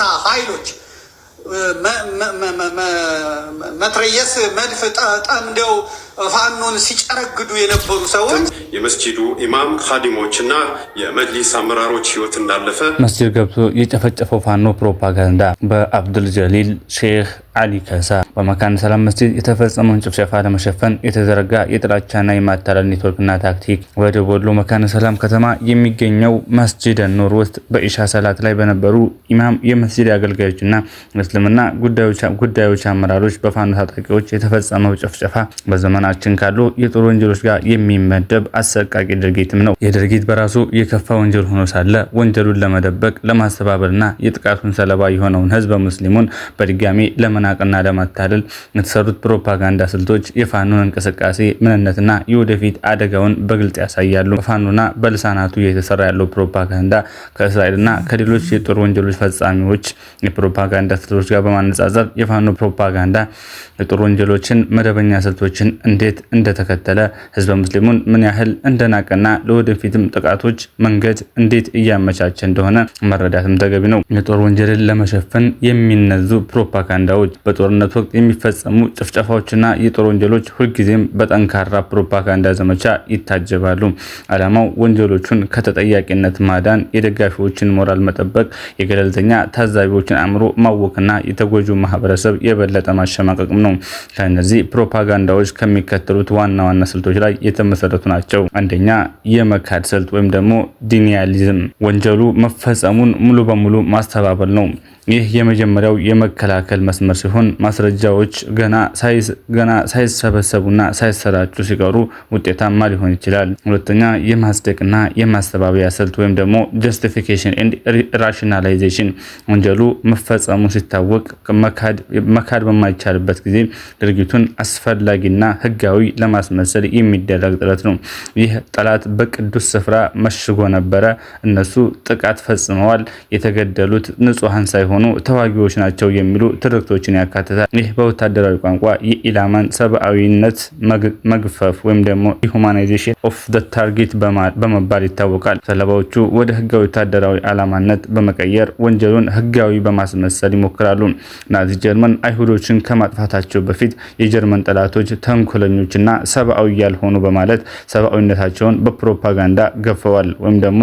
የጸጥታ ኃይሎች መትረየስ መድፍ ጠምደው ፋኖን ሲጨረግዱ የነበሩ ሰዎች የመስጂዱ ኢማም ኻዲሞችና የመጅሊስ አመራሮች ህይወት እንዳለፈ መስጂድ ገብቶ የጨፈጨፈው ፋኖ ፕሮፓጋንዳ በአብዱል ጀሊል ሼህ አሊ ከሳ በመካነ ሰላም መስጂድ የተፈጸመውን ጭፍጨፋ ለመሸፈን የተዘረጋ የጥላቻና የማታለል ኔትወርክና ታክቲክ በደቡብ ወሎ መካነ ሰላም ከተማ የሚገኘው መስጂደ ኑር ውስጥ በኢሻ ሰላት ላይ በነበሩ ኢማም የመስጂድ አገልጋዮችና እስልምና ጉዳዮች አመራሮች በፋኖ ታጣቂዎች የተፈጸመው ጭፍጨፋ በዘመን ናችን ካሉ የጦር ወንጀሎች ጋር የሚመደብ አሰቃቂ ድርጊትም ነው። ይህ ድርጊት በራሱ የከፋ ወንጀል ሆኖ ሳለ ወንጀሉን ለመደበቅ ለማስተባበልና የጥቃቱን ሰለባ የሆነውን ህዝበ ሙስሊሙን በድጋሚ ለመናቅና ለማታለል የተሰሩት ፕሮፓጋንዳ ስልቶች የፋኖን እንቅስቃሴ ምንነትና የወደፊት አደጋውን በግልጽ ያሳያሉ። በፋኖና በልሳናቱ የተሰራ ያለው ፕሮፓጋንዳ ከእስራኤልና ከሌሎች የጦር ወንጀሎች ፈጻሚዎች የፕሮፓጋንዳ ስልቶች ጋር በማነጻጸር የፋኖ ፕሮፓጋንዳ የጦር ወንጀሎችን መደበኛ ስልቶችን እንዴት እንደተከተለ ህዝበ ሙስሊሙን ምን ያህል እንደናቀና ለወደፊትም ጥቃቶች መንገድ እንዴት እያመቻቸ እንደሆነ መረዳትም ተገቢ ነው። የጦር ወንጀልን ለመሸፈን የሚነዙ ፕሮፓጋንዳዎች፣ በጦርነት ወቅት የሚፈጸሙ ጭፍጨፋዎችና የጦር ወንጀሎች ሁልጊዜም በጠንካራ ፕሮፓጋንዳ ዘመቻ ይታጀባሉ። ዓላማው ወንጀሎቹን ከተጠያቂነት ማዳን፣ የደጋፊዎችን ሞራል መጠበቅ፣ የገለልተኛ ታዛቢዎችን አእምሮ ማወክና የተጎጁ ማህበረሰብ የበለጠ ማሸማቀቅም ነው። ከእነዚህ ፕሮፓጋንዳዎች ከሚ በሚከተሉት ዋና ዋና ስልቶች ላይ የተመሰረቱ ናቸው። አንደኛ የመካድ ስልት ወይም ደግሞ ዲኒያሊዝም ወንጀሉ መፈጸሙን ሙሉ በሙሉ ማስተባበል ነው። ይህ የመጀመሪያው የመከላከል መስመር ሲሆን ማስረጃዎች ገና ሳይሰበሰቡና ሳይሰራጩ ሲቀሩ ውጤታማ ሊሆን ይችላል። ሁለተኛ የማጽደቅና የማስተባበያ ስልት ወይም ደግሞ ጀስቲፊኬሽን ኤንድ ራሽናላይዜሽን ወንጀሉ መፈጸሙ ሲታወቅ መካድ በማይቻልበት ጊዜ ድርጊቱን አስፈላጊና ህጋዊ ለማስመሰል የሚደረግ ጥረት ነው። ይህ ጠላት በቅዱስ ስፍራ መሽጎ ነበረ። እነሱ ጥቃት ፈጽመዋል። የተገደሉት ንጹሐን ሳይሆኑ ተዋጊዎች ናቸው የሚሉ ትርክቶችን ያካትታል። ይህ በወታደራዊ ቋንቋ የኢላማን ሰብአዊነት መግፈፍ ወይም ደግሞ ዲሁማናይዜሽን ኦፍ ዘ ታርጌት በመባል ይታወቃል። ሰለባዎቹ ወደ ህጋዊ ወታደራዊ አላማነት በመቀየር ወንጀሉን ህጋዊ በማስመሰል ይሞክራሉ። ናዚ ጀርመን አይሁዶችን ከማጥፋታቸው በፊት የጀርመን ጠላቶች ተንኩል ትክክለኞችና ሰብአዊ ያልሆኑ በማለት ሰብአዊነታቸውን በፕሮፓጋንዳ ገፈዋል ወይም ደግሞ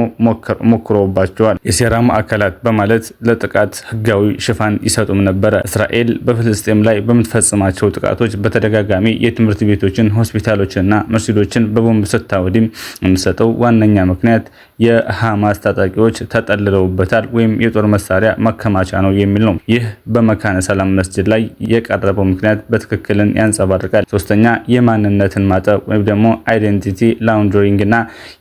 ሞክረውባቸዋል። የሴራ ማዕከላት በማለት ለጥቃት ህጋዊ ሽፋን ይሰጡም ነበረ። እስራኤል በፍልስጤም ላይ በምትፈጽማቸው ጥቃቶች በተደጋጋሚ የትምህርት ቤቶችን፣ ሆስፒታሎችንና መስጊዶችን በቦምብ ስታወድም የምትሰጠው ዋነኛ ምክንያት የሃማስ ታጣቂዎች ተጠልለውበታል ወይም የጦር መሳሪያ ማከማቻ ነው የሚል ነው። ይህ በመካነ ሰላም መስጅድ ላይ የቀረበው ምክንያት በትክክልን ያንጸባርቃል። ሶስተኛ የማንነትን ማጠብ ወይም ደግሞ አይደንቲቲ ላውንደሪንግ እና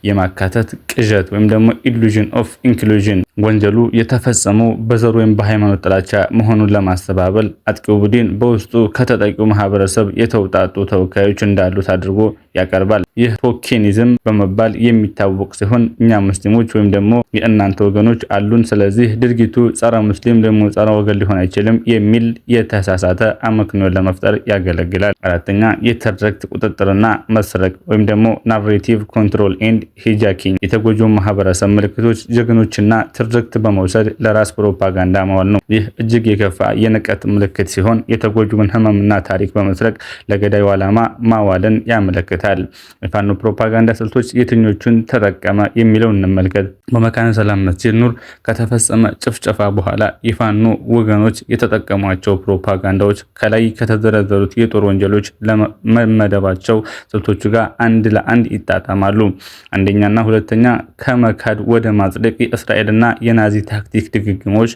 የማካተት ቅዠት ወይም ደግሞ ኢሉዥን ኦፍ ኢንክሉዥን ወንጀሉ የተፈጸመው በዘር ወይም በሃይማኖት ጥላቻ መሆኑን ለማስተባበል አጥቂው ቡድን በውስጡ ከተጠቂው ማህበረሰብ የተውጣጡ ተወካዮች እንዳሉት አድርጎ ያቀርባል። ይህ ቶኬኒዝም በመባል የሚታወቅ ሲሆን እኛ ሙስሊሞች ወይም ደግሞ የእናንተ ወገኖች አሉን፣ ስለዚህ ድርጊቱ ጸረ ሙስሊም ደግሞ ጸረ ወገን ሊሆን አይችልም የሚል የተሳሳተ አመክኖን ለመፍጠር ያገለግላል። አራተኛ የትርክት ቁጥጥርና መስረቅ ወይም ደግሞ ናሬቲቭ ኮንትሮል ኤንድ ሂጃኪንግ የተጎጂውን ማህበረሰብ ምልክቶች፣ ጀግኖችና ትርክት በመውሰድ ለራስ ፕሮፓጋንዳ ማዋል ነው። ይህ እጅግ የከፋ የንቀት ምልክት ሲሆን የተጎጂውን ሕመምና ታሪክ በመስረቅ ለገዳዩ ዓላማ ማዋልን ያመለክታል። የፋኖ ፕሮፓጋንዳ ስልቶች የትኞቹን ተጠቀመ የሚለው እንመልከት። በመካነ ሰላም መስጂድ ኑር ከተፈጸመ ጭፍጨፋ በኋላ የፋኖ ወገኖች የተጠቀሟቸው ፕሮፓጋንዳዎች ከላይ ከተዘረዘሩት የጦር ወንጀሎች ለመመደባቸው ስልቶቹ ጋር አንድ ለአንድ ይጣጣማሉ። አንደኛና ሁለተኛ ከመካድ ወደ ማጽደቅ የእስራኤልና የናዚ ታክቲክ ድግግሞች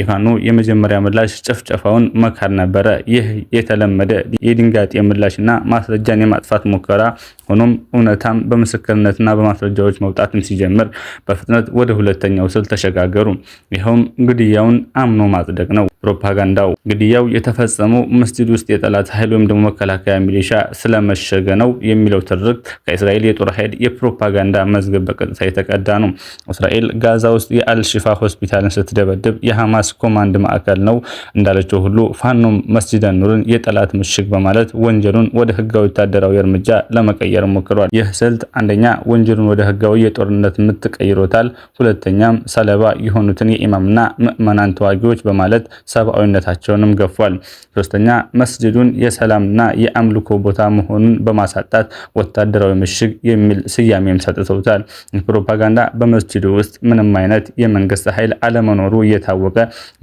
የፋኖ የመጀመሪያ ምላሽ ጭፍጨፋውን መካድ ነበረ። ይህ የተለመደ የድንጋጤ ምላሽና ማስረጃን የማጥፋት ሙከራ ሆኖም እውነታም በምስክርነትና በማስረጃዎች መውጣትም ሲጀምር በፍጥነት ወደ ሁለተኛው ስልት ተሸጋገሩ። ይኸውም ግድያውን አምኖ ማጽደቅ ነው። ፕሮፓጋንዳው ግድያው የተፈጸመው መስጂድ ውስጥ የጠላት ኃይል ወይም ደግሞ መከላከያ ሚሊሻ ስለመሸገ ነው የሚለው ትርክት ከእስራኤል የጦር ኃይል የፕሮፓጋንዳ መዝገብ በቀጥታ የተቀዳ ነው። እስራኤል ጋዛ ውስጥ የአልሽፋ ሆስፒታልን ስትደበድብ የሐማስ ኮማንድ ማዕከል ነው እንዳለችው ሁሉ ፋኖም መስጂድ ኑርን የጠላት ምሽግ በማለት ወንጀሉን ወደ ህጋዊ ወታደራዊ እርምጃ ለመቀየር ሞክሯል። ይህ ስልት አንደኛ ወንጀሉን ወደ ህጋዊ የጦርነት ምት ቀይሮታል። ሁለተኛም ሰለባ የሆኑትን የኢማምና ምዕመናን ተዋጊዎች በማለት ሰብአዊነታቸውንም ገፏል። ሶስተኛ መስጅዱን የሰላምና የአምልኮ ቦታ መሆኑን በማሳጣት ወታደራዊ ምሽግ የሚል ስያሜም ሰጥተውታል። ፕሮፓጋንዳ በመስጅዱ ውስጥ ምንም አይነት የመንግስት ኃይል አለመኖሩ እየታወቀ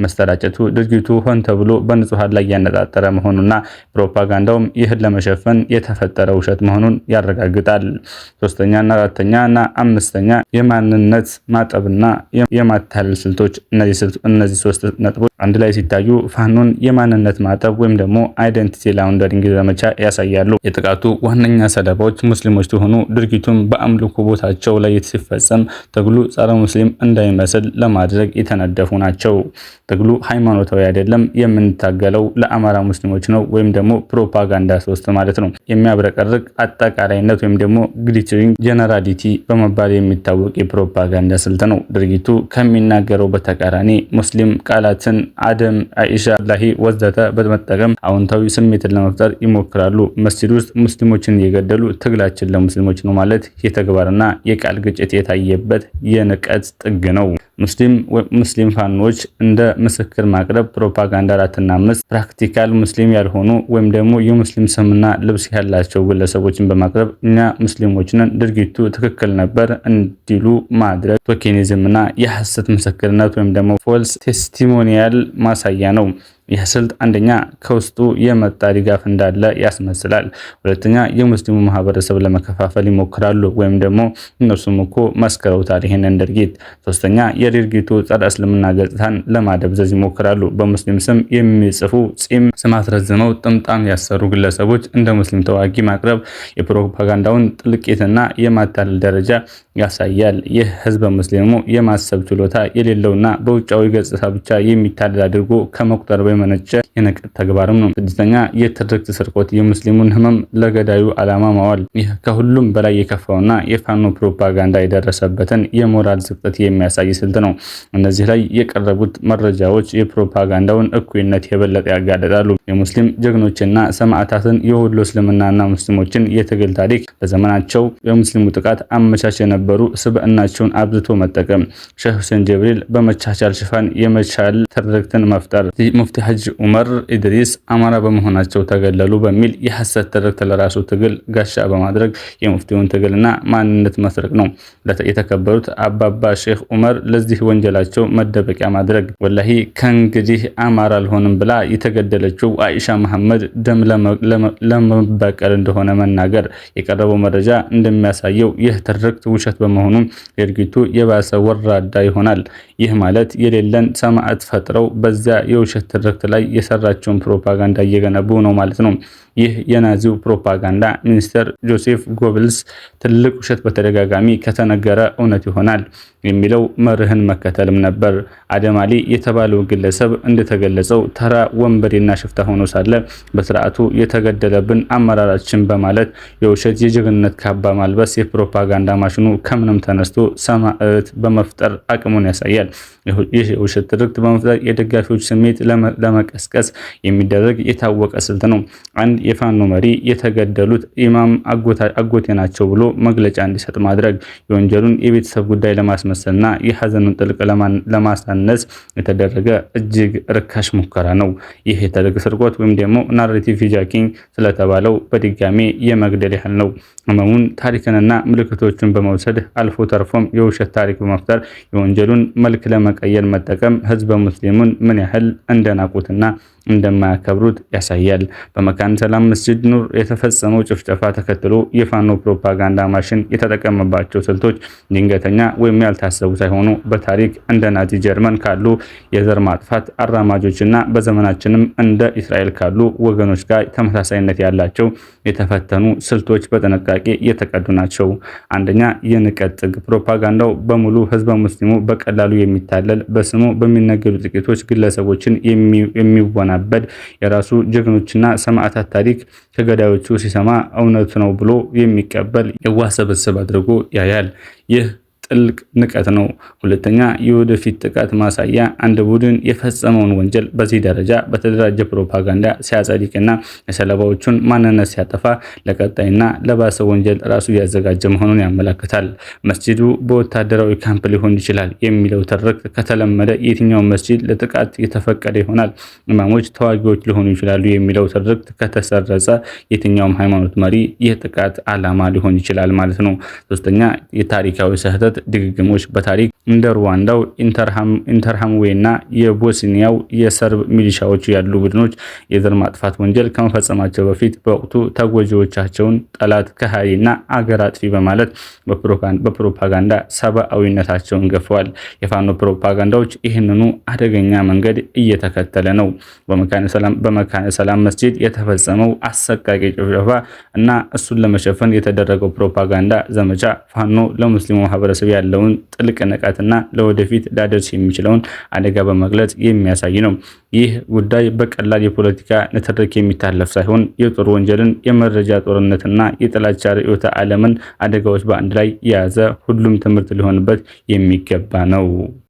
መሰራጨቱ ድርጊቱ ሆን ተብሎ በንጹሐን ላይ ያነጣጠረ መሆኑና ፕሮፓጋንዳውም ይህን ለመሸፈን የተፈጠረ ውሸት መሆኑን ያረጋግጣል። ሶስተኛና አራተኛ እና አምስተኛ የማንነት ማጠብና የማታለል ስልቶች እነዚህ ሶስት ነጥቦች አንድ ላይ ሲታዩ ፋኖን የማንነት ማጠብ ወይም ደግሞ አይደንቲቲ ላውንደሪንግ ዘመቻ ያሳያሉ። የጥቃቱ ዋነኛ ሰለባዎች ሙስሊሞች ሲሆኑ ድርጊቱም በአምልኮ ቦታቸው ላይ ሲፈጸም ትግሉ ጸረ ሙስሊም እንዳይመስል ለማድረግ የተነደፉ ናቸው። ትግሉ ሃይማኖታዊ አይደለም፣ የምንታገለው ለአማራ ሙስሊሞች ነው ወይም ደግሞ ፕሮፓጋንዳ ሶስት ማለት ነው። የሚያብረቀርቅ አጠቃላይነት ወይም ደግሞ ግሊትሪንግ ጀነራሊቲ በመባል የሚታወቅ የፕሮፓጋንዳ ስልት ነው። ድርጊቱ ከሚናገረው በተቃራኒ ሙስሊም ቃላትን አደ ቃላትን አይሻ ላሂ ወዘተ በመጠቀም አዎንታዊ ስሜትን ለመፍጠር ይሞክራሉ። መስጂድ ውስጥ ሙስሊሞችን እየገደሉ ትግላችን ለሙስሊሞች ነው ማለት የተግባርና የቃል ግጭት የታየበት የንቀት ጥግ ነው። ሙስሊም ሙስሊም ፋኖች እንደ ምስክር ማቅረብ ፕሮፓጋንዳ አራትና አምስት ፕራክቲካል ሙስሊም ያልሆኑ ወይም ደግሞ የሙስሊም ስምና ልብስ ያላቸው ግለሰቦችን በማቅረብ እኛ ሙስሊሞችንን ድርጊቱ ትክክል ነበር እንዲሉ ማድረግ ቶኬኒዝምና የሐሰት ምስክርነት ወይም ደግሞ ፎልስ ቴስቲሞኒያል más allá, ይህ ስልት አንደኛ ከውስጡ የመጣ ድጋፍ እንዳለ ያስመስላል፣ ሁለተኛ የሙስሊሙ ማህበረሰብ ለመከፋፈል ይሞክራሉ ወይም ደግሞ እነርሱም እኮ መስክረውታል ይህንን ድርጊት። ሶስተኛ የድርጊቱ ጸረ እስልምና ገጽታን ለማደብዘዝ ይሞክራሉ። በሙስሊም ስም የሚጽፉ ጺም ስም አስረዝመው ጥምጣም ያሰሩ ግለሰቦች እንደ ሙስሊም ተዋጊ ማቅረብ የፕሮፓጋንዳውን ጥልቄትና የማታለል ደረጃ ያሳያል። ይህ ህዝበ ሙስሊሙ የማሰብ ችሎታ የሌለውና በውጫዊ ገጽታ ብቻ የሚታለል አድርጎ ከመቁጠር ወይም የመነጨ የንቀት ተግባርም ነው። ስድስተኛ የትርክት ስርቆት፣ የሙስሊሙን ህመም ለገዳዩ ዓላማ ማዋል። ይህ ከሁሉም በላይ የከፋውና የፋኖ ፕሮፓጋንዳ የደረሰበትን የሞራል ዝቅጠት የሚያሳይ ስልት ነው። እነዚህ ላይ የቀረቡት መረጃዎች የፕሮፓጋንዳውን እኩይነት የበለጠ ያጋለጣሉ። የሙስሊም ጀግኖችና ሰማዕታትን፣ የወሎ እስልምናና ሙስሊሞችን የትግል ታሪክ በዘመናቸው የሙስሊሙ ጥቃት አመቻች የነበሩ ስብዕናቸውን አብዝቶ መጠቀም፣ ሼህ ሁሴን ጀብሪል በመቻቻል ሽፋን የመቻል ትርክትን መፍጠር ሙፍቲ የሐጅ ዑመር ኢድሪስ አማራ በመሆናቸው ተገለሉ በሚል የሐሰት ትርክት ለራሱ ትግል ጋሻ በማድረግ የሙፍቲውን ትግልና ማንነት መስረቅ ነው። የተከበሩት አባባ ሼክ ዑመር ለዚህ ወንጀላቸው መደበቂያ ማድረግ። ወላሂ ከእንግዲህ አማራ አልሆንም ብላ የተገደለችው አኢሻ መሐመድ ደም ለመበቀል እንደሆነ መናገር የቀረበው መረጃ እንደሚያሳየው ይህ ትርክት ውሸት በመሆኑ ድርጊቱ የባሰ ወራዳ ይሆናል። ይህ ማለት የሌለን ሰማዕት ፈጥረው በዚያ የውሸት ትርክት ፕሮጀክት ላይ የሰራቸውን ፕሮፓጋንዳ እየገነቡ ነው ማለት ነው። ይህ የናዚው ፕሮፓጋንዳ ሚኒስተር ጆሴፍ ጎብልስ ትልቅ ውሸት በተደጋጋሚ ከተነገረ እውነት ይሆናል የሚለው መርህን መከተልም ነበር። አደማሊ የተባለው ግለሰብ እንደተገለጸው ተራ ወንበዴና ሽፍታ ሆኖ ሳለ በስርዓቱ የተገደለብን አመራራችን በማለት የውሸት የጀግንነት ካባ ማልበስ የፕሮፓጋንዳ ማሽኑ ከምንም ተነስቶ ሰማዕት በመፍጠር አቅሙን ያሳያል። ይህ የውሸት ትርክት በመፍጠር የደጋፊዎች ስሜት ለመቀስቀስ የሚደረግ የታወቀ ስልት ነው። አንድ የፋኖ መሪ የተገደሉት ኢማም አጎቴ ናቸው ብሎ መግለጫ እንዲሰጥ ማድረግ የወንጀሉን የቤተሰብ ጉዳይ ለማስመሰልና የሐዘኑን ጥልቅ ለማሳነስ የተደረገ እጅግ ርካሽ ሙከራ ነው። ይህ የተደረገ ስርቆት ወይም ደግሞ ናሬቲቭ ሂጃኪንግ ስለተባለው በድጋሜ የመግደል ያህል ነው። ህመሙን ታሪክንና ምልክቶችን በመውሰድ አልፎ ተርፎም የውሸት ታሪክ በመፍጠር የወንጀሉን መልክ ለመቀየር መጠቀም ህዝበ ሙስሊሙን ምን ያህል እንደናቁ የሚያውቁትና እንደማያከብሩት ያሳያል። በመካነ ሰላም መስጂድ ኑር የተፈጸመው ጭፍጨፋ ተከትሎ የፋኖ ፕሮፓጋንዳ ማሽን የተጠቀመባቸው ስልቶች ድንገተኛ ወይም ያልታሰቡ ሳይሆኑ በታሪክ እንደ ናዚ ጀርመን ካሉ የዘር ማጥፋት አራማጆችና በዘመናችንም እንደ እስራኤል ካሉ ወገኖች ጋር ተመሳሳይነት ያላቸው የተፈተኑ ስልቶች በጥንቃቄ የተቀዱ ናቸው። አንደኛ፣ የንቀት ጥግ። ፕሮፓጋንዳው በሙሉ ህዝበ ሙስሊሙ በቀላሉ የሚታለል በስሙ በሚነገዱ ጥቂቶች ግለሰቦችን የሚወና ሲወናበድ የራሱ ጀግኖችና ሰማዕታት ታሪክ ከገዳዮቹ ሲሰማ እውነት ነው ብሎ የሚቀበል የዋህ አድርጎ ያያል። ይህ ጥልቅ ንቀት ነው። ሁለተኛ የወደፊት ጥቃት ማሳያ አንድ ቡድን የፈጸመውን ወንጀል በዚህ ደረጃ በተደራጀ ፕሮፓጋንዳ ሲያጸድቅና የሰለባዎቹን ማንነት ሲያጠፋ ለቀጣይና ለባሰ ወንጀል ራሱ እያዘጋጀ መሆኑን ያመለክታል። መስጂዱ በወታደራዊ ካምፕ ሊሆን ይችላል የሚለው ትርክት ከተለመደ የትኛው መስጂድ ለጥቃት የተፈቀደ ይሆናል? ኢማሞች ተዋጊዎች ሊሆኑ ይችላሉ የሚለው ትርክት ከተሰረጸ የትኛውም ሃይማኖት መሪ የጥቃት ዓላማ ሊሆን ይችላል ማለት ነው። ሶስተኛ የታሪካዊ ስህተት ድግግሞች በታሪክ እንደ ሩዋንዳው ኢንተርሃምዌ እና የቦስኒያው የሰርብ ሚሊሻዎች ያሉ ቡድኖች የዘር ማጥፋት ወንጀል ከመፈጸማቸው በፊት በወቅቱ ተጎጂዎቻቸውን ጠላት፣ ከሃዲ እና አገር አጥፊ በማለት በፕሮፓጋንዳ ሰብአዊነታቸውን ገፈዋል። የፋኖ ፕሮፓጋንዳዎች ይህንኑ አደገኛ መንገድ እየተከተለ ነው። በመካነ ሰላም መስጂድ የተፈጸመው አሰቃቂ ጭፍጨፋ እና እሱን ለመሸፈን የተደረገው ፕሮፓጋንዳ ዘመቻ ፋኖ ለሙስሊሙ ማህበረሰብ ስብ ያለውን ጥልቅ ንቃትና ለወደፊት ሊያደርስ የሚችለውን አደጋ በመግለጽ የሚያሳይ ነው። ይህ ጉዳይ በቀላል የፖለቲካ ንትርክ የሚታለፍ ሳይሆን የጦር ወንጀልን፣ የመረጃ ጦርነትና የጥላቻ ርዕዮተ ዓለምን አደጋዎች በአንድ ላይ የያዘ ሁሉም ትምህርት ሊሆንበት የሚገባ ነው።